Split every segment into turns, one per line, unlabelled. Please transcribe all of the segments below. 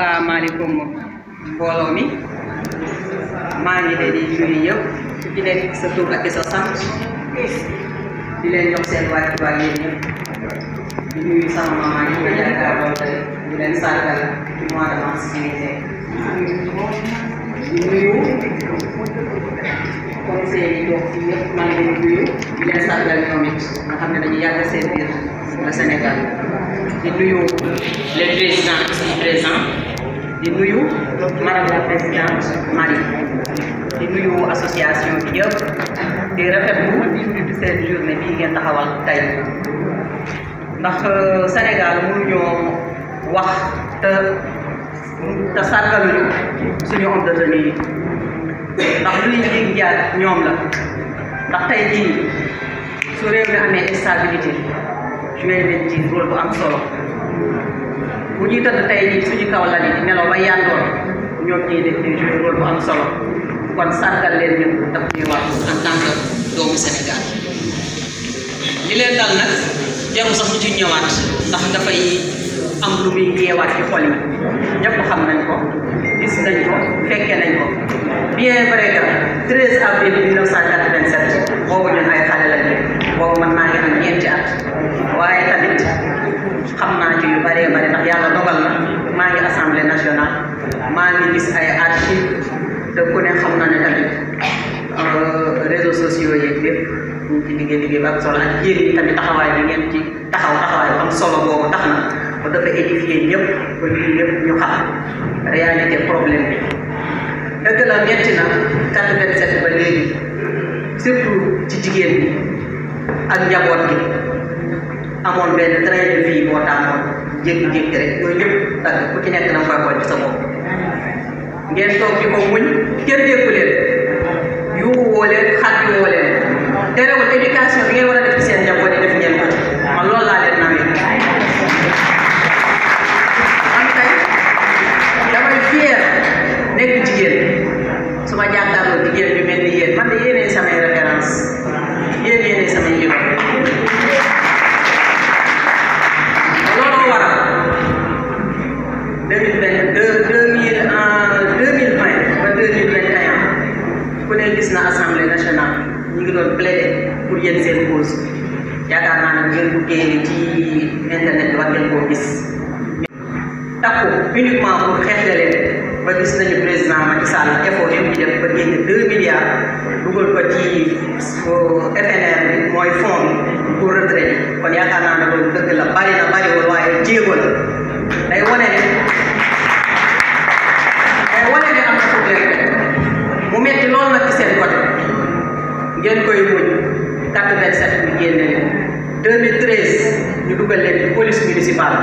asalaamaaleykum mbooloo mi maa ngi leen di nuyu yëpp di leen sa tur ak sa sant di leen jox seen wàccuwaay yéen ñëpp di nuyu sama maman yi nga jàkkaarloo tey di leen sargal ci mois de mars bi ñu nekk di nuyu conseil yi toog fii yëpp maa ngi leen di nuyu di leen sargal ñoom it nga xam ne dañuy yàgg seen biir le Sénégal di nuyu les présidents qui sont présents li nuyu madame la présidente Marie di nuyu association bi yëpp di rafetlu di seen journée bii ngeen taxawal tey ndax euh, Sénégal mënuñoo wax te te sàrgaluñu suñu homme de tenue yi ndax luy njëg jaar ñoom la ndax tey su réew mi amee stabilité joué nañ ci rôle bu am solo. bu ñuy te tey jii suñu kaw lal yi di nelaw ba yàndoon ñoom ñuy def ñuy joué rôle bu am solo kon sàrgal leen ñun daf ñuy wax en tant que doomu Sénégal li leen dal nag jarul sax ñu ci ñëwaat ndax dafay am lu muy yeewaat ci xol yi ñëpp xam nañ ko gis nañ ko fekkee nañ ko bien vrai que 13 avril 1940 xam naa ci yu bëree bëri ndax yàlla dogal na maa ngi assemblée nationale maa ngi gis ay archives te ku xam na ne tamit euh, réseaux sociaux yeeg lépp ñu ngi ci liggéey liggéey ba am bi ngeen ci taxaw taxawaay am solo boobu tax na ba dafa édifier ñëpp ba ñun ñëpp ñu xam réalité problème bi dëgg la metti na quatre-vingt-sept ba léegi surtout ci jigéen bi ak njaboot gi amoon benn train de vie boo tàmmoon jékki-jékki rek ñooñu ñëpp parce que ku ci nekk na nga koy xool ci sa bopp ngeen toog di ñu ngi doon plaider pour yéen seen cause yaakaar naa ne ngeen buggee ci internet war ngeen koo gis takku uniquement pour xeexle leen ba gis nañu président Macky Sall effort yëpp di def ba génn deux milliards dugal ko ci FNR bi mooy fond pour retraite kon yaakaar naa ne loolu dëgg la bari na bariwul waaye jéego la 2013 ñu dugal leen police municipale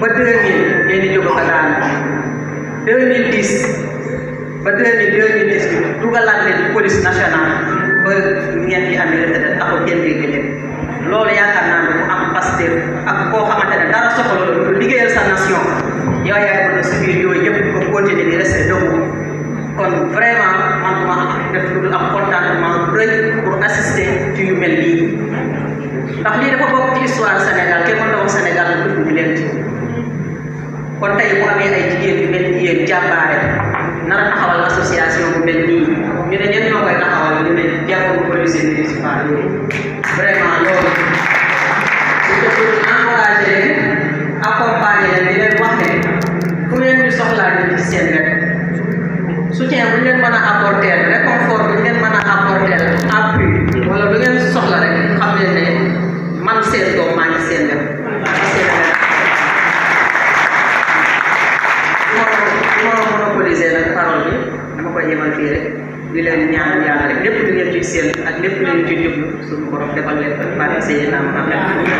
ba 2000 ngeen di jóg ko daan 2010 ba 2000 2018 ndax lii dafa bokk ci histoire Sénégal kenn mën na wax Sénégal la dugg ñu leen ci kon tey bu amee ay jigéen yu mel ni yéen jàmbaare nar a taxawal association bu mel nii ñu ne ñenn ñoo koy taxawal ñu ne jàppoo ko police municipal yooyu vraiment seen dem moo monopolisé nag parole bi ma ko yemal fii rek di leen ñaan yàlla rek lépp lu ngeen ci seen ak lépp lu ngeen ci jublu suñu borom defal leen ko barke Seydina Muhammad